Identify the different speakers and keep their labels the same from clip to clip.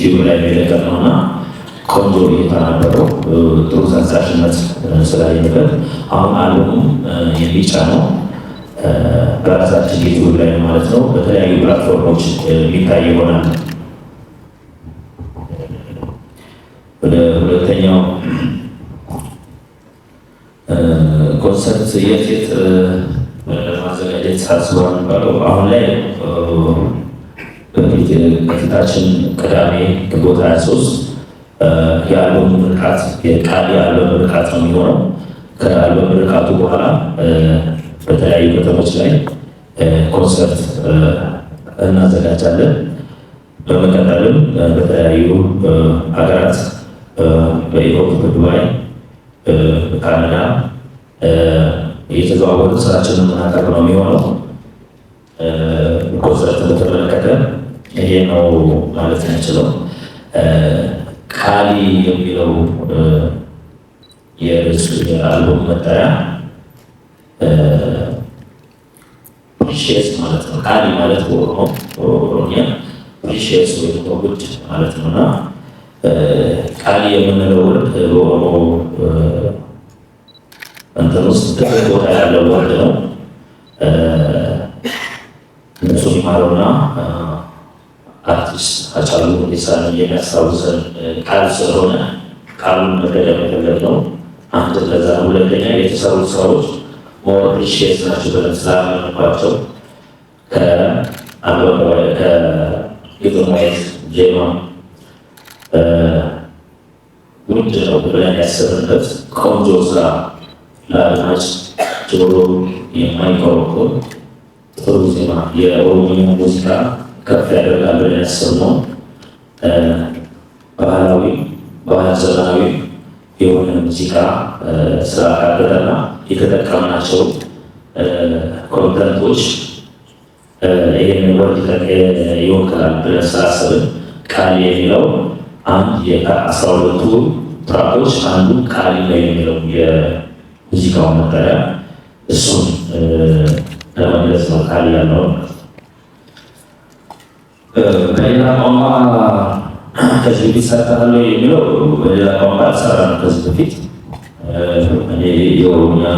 Speaker 1: እጅግ ወዳጅ የለቀቅ ነው እና ቆንጆ እይታ ጥሩ ተንሳሽነት ስላየበት አሁን አልበሙም የሚጫነው በራሳችን ዩቲዩብ ላይ ማለት ነው። በተለያዩ ፕላትፎርሞች የሚታይ ይሆናል። ወደ ሁለተኛው ኮንሰርት የት የት ማዘጋጀት ሳስበዋል የሚባለው አሁን ላይ በፊት ከፊታችን ቅዳሜ ግንቦት 23 የአልበሙ ምርቃት የቃል የአልበም ምርቃት ነው የሚሆነው። ከአልበም ምርቃቱ በኋላ በተለያዩ ከተሞች ላይ ኮንሰርት እናዘጋጃለን። በመቀጠልም በተለያዩ ሀገራት በኢሮፕ፣ በዱባይ፣ በካናዳ የተዘዋወሩ ስራችንን ምናቀርብ ነው የሚሆነው። ኮንሰርት በተመለከተ ይሄ ነው ማለት እንችለው። ቃሊ የሚለው የርዕሱ የአልበም መጠሪያ ፕሪሼስ ማለት ነው። ቃሊ ማለት በኦሮሞ ኦሮሚያ ፕሪሼስ ወይ ደግሞ ውድ ማለት ነው እና ቃሊ የምንለው ወርድ በኦሮሞ እንትን ውስጥ ትልቅ ቦታ ያለው ወርድ ነው። እነሱ ይማረውና ቅዱስ ሀጫሉ የሚያስታውሰን ቃል ስለሆነ ቃሉን መገደም የፈለግነው አንድ ለዛ፣ ሁለተኛ የተሰሩት ሰዎች ሞሪሽስ ናቸው ብለን ስላመንባቸው ከኢቶማየት ጄማ ውድ ነው ብለን ያሰብንበት ቆንጆ ስራ ለአድማጭ ጆሮ የማይኮረኮር ጥሩ ዜማ የኦሮሚያ ሙዚቃ ከፍ ያደርጋል ብለን ያሰብነው ባህላዊ ባህል ዘመናዊ የሆነ ሙዚቃ ስራ ካደረና የተጠቀምናቸው ኮንተንቶች ይህን ወርድ ይወክላል ብለን ስላሰብን ቃል የሚለው አንድ የአስራ ሁለቱ ትራኮች አንዱ ቃል የሚለው የሙዚቃውን መጠሪያ እሱን ለመግለጽ ነው ቃል ያለውን በሌላ ቋንቋ ከዚህ በፊት ሰርተሃል የሚለው በሌላ ቋንቋ አልሰራ ከዚህ በፊት እኔ የኦሮሚያ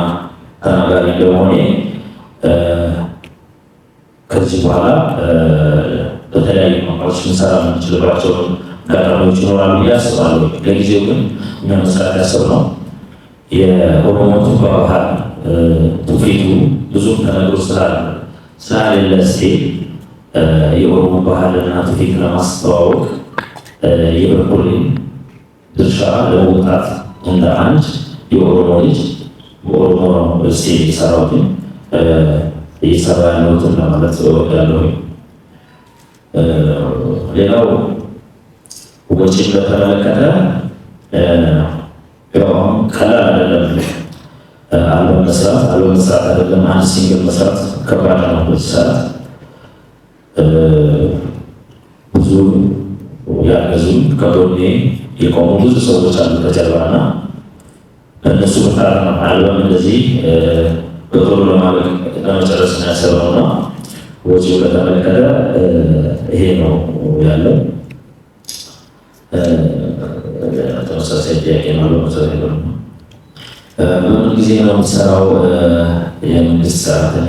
Speaker 1: ተናጋሪ እንደመሆኔ ከዚህ በኋላ በተለያዩ ቋንቋዎች ልንሰራ የምንችልባቸው አጋጣሚዎች ይኖራሉ ብዬ አስባለሁ። ለጊዜው ግን እኛ መስራት ያሰብነው የኦሮሞ ቱባ ባህል ትውፊቱ ብዙም ተነግሮ ስላለ ስላሌለ ስቴ የኦሮሞ ባህልና ትውፊት ለማስተዋወቅ የበኩሌን ድርሻ ለመውጣት እንደ አንድ የኦሮሞ ልጅ በኦሮሞ እስ የሚሰራውትን እየሰራ ያለሁትን ለማለት እወዳለሁ። ሌላው ወጪን በተመለከተ ቀላል አይደለም። አልበም መስራት አልበም መስራት አይደለም። አንድ ሲንግል መስራት ከባድ ነው ሰዓት ብዙ ያገዙኝ ከጎኔ የቆሙ ብዙ ሰዎች አሉ ከጀርባና እነሱ በታራ አልበም እንደዚህ በቶሎ ለማድረግ ለመጨረስ ነው ያሰብነውና ወጪው በተመለከተ ይሄ ነው ያለው። ተመሳሳይ ጥያቄ ነው ለመሰረት ነው። በምን ጊዜ ነው የምትሰራው? የመንግስት ሰራተኛ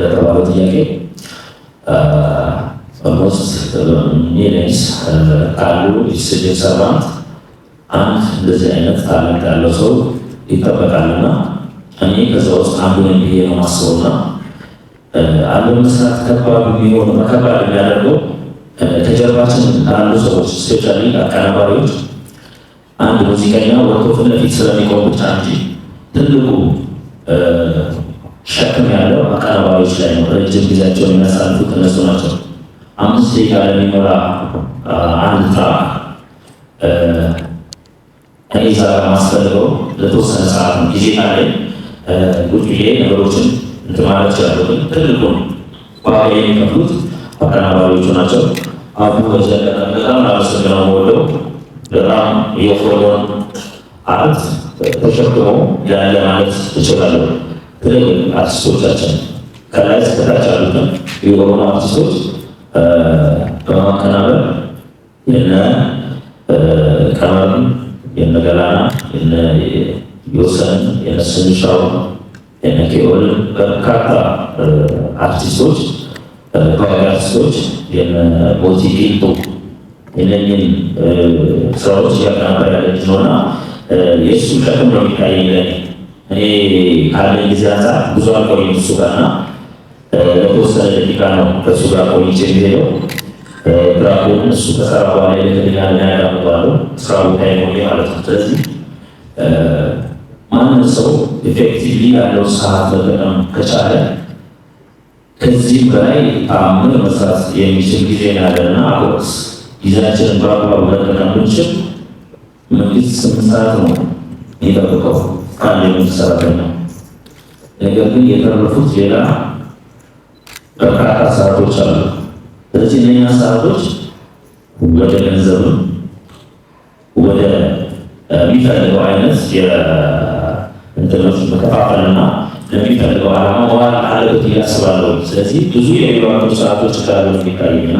Speaker 1: ለተባለው ጥያቄ ኦልሞስት ሚሊየንስ ካሉ የስጅን ሰራንት አንድ እንደዚህ አይነት ታላቅ ያለው ሰው ይጠበቃልና እኔ ከዛ ውስጥ አንዱ ነኝ ብዬ ነው ማስበውና አንዱ መስራት ከባድ ቢሆን ከባድ የሚያደርገው ከጀርባችን ላሉ ሰዎች ስፔሻሊ አቀናባሪዎች አንድ ሙዚቀኛ ወጥቶ ፊት ለፊት ስለሚቆም ብቻ እንጂ ትልቁ ሸክም ያለው አቀራባዮች ላይ ነው። ረጅም ጊዜያቸው የሚያሳልፉት እነሱ ናቸው። አምስት ደቂቃ ለሚሞላ አንድ ትራ እኔዛ ማስፈልገው ለተወሰነ ሰዓት ነው ጊዜ ላይ ቁጭ ብዬ ነገሮችን እንትን ማለት ይችላሉ። ግን ትልቁ ዋጋ የሚከፍሉት አቀናባሪዎቹ ናቸው። አቡ በዘለቀ በጣም ላመሰግነው ወደው በጣም የፎሎን አርት ተሸክሞ ያለ ማለት እችላለሁ። ትልልቅ አርቲስቶቻችን ከላይ እስከታች ያሉትን የኦሮሞ አርቲስቶች በማቀናበር የነ ቀመር፣ የነ ገላና፣ የነ ዮሰን፣ የነ ስንሻው፣ የነ ኬኦል በርካታ አርቲስቶች ታዋቂ አርቲስቶች የነ ሞቲ ቂንጡ የነኝን ስራዎች እያቀናበር ያለች ነውና የእሱ ሸክም ነው የሚታየኝ እኔ ካለኝ ጊዜ አንጻር ብዙ አልቆይም እሱ ጋር እና ለተወሰነ ደቂቃ ነው ከእሱ ጋር ቆይቼ የሚሄደው። ትራኩን እሱ ከሰራ በኋላ የለትልኛ ያዳምጠዋለሁ ስራ ቦታ የቆየ ማለት ነው። ስለዚህ ማንም ሰው ኢፌክቲቭሊ ያለው ሰዓት መጠቀም ከቻለ ከዚህም በላይ ተአምር መስራት የሚችል ጊዜ ያለና አቆስ ጊዜያችንን በአግባቡ መጠቀም ብንችል መንግስት ስምንት ሰዓት ነው የሚጠብቀው። ካለ የመንግስት ሰራተኛ ነገር ግን የተረፉት ሌላ በርካታ ስርዓቶች አሉ። ስለዚህ እነኛ ስርዓቶች ወደ ገንዘብም ወደ የሚፈልገው አይነት የእንትኖች መከፋፈልና ለሚፈልገው ዓላማ ዋል አለበት እያስባለሁ። ስለዚህ ብዙ የሚባሉ ስርዓቶች ካሉ የሚታይና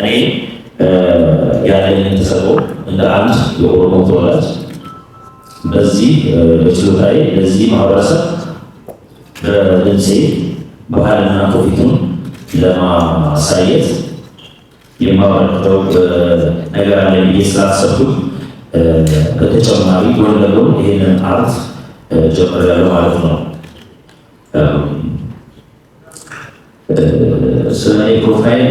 Speaker 1: እኔ ያለንን ተሰጥኦ እንደ አንድ የኦሮሞ ተወላጅ በዚህ በችሎታዬ ለዚህ ማህበረሰብ በድምፄ ባህልና ትውፊቱን ለማሳየት የማበረክተው ነገር አለ ብዬ በተጨማሪ ጎን ለጎን ይህንን አርት ጀምሬያለሁ ማለት ነው። ስለ ፕሮፋይል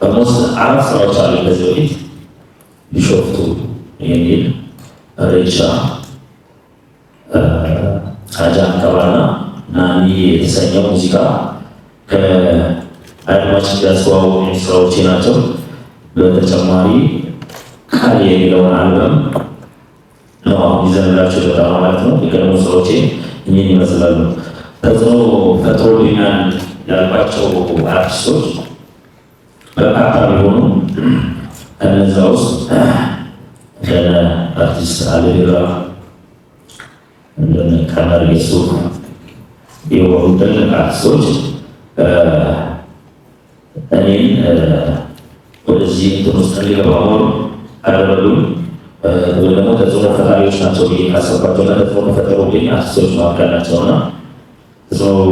Speaker 1: በሞስ አራት ስራዎች አሉ ከዚህ በፊት ቢሾፍቱ የሚል እሬቻ ሀጂ አንቀባና ናኒ የተሰኘው ሙዚቃ ከአድማጭ ያስተዋወቁ ስራዎቼ ናቸው። በተጨማሪ ቃል የሚለውን አልበም ነው ይዘንላቸው ይወጣ ማለት ነው። የቀድሞ ስራዎቼ እኝን ይመስላሉ። ተጽዕኖ ፈጥሮብኛል ያልኳቸው አርቲስቶች በርካታ ቢሆኑ ከነዛ ውስጥ አርቲስት አለቢራ እንደነ ከመር የሱፍ የሆኑ ትልቅ አርቲስቶች እኔን ወደዚህ እንትን ውስጥ እንዲገባሆኑ አደረጉ። ወይ ደግሞ ተጽዕኖ ፈጣሪዎች ናቸው ብዬ ካሰባቸው እና ተጽዕኖ ከፈጠሩብኝ አርቲስቶች መካከል ናቸው እና ተጽዕኖ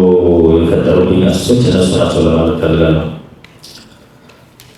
Speaker 1: የፈጠሩብኝ አርቲስቶች እነሱ ናቸው ለማለት ፈልጋለሁ።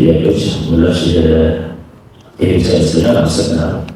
Speaker 1: ጥያቄዎች ምላሽ የቴክኒክ ሳይንስ ብለን አመሰግናለሁ።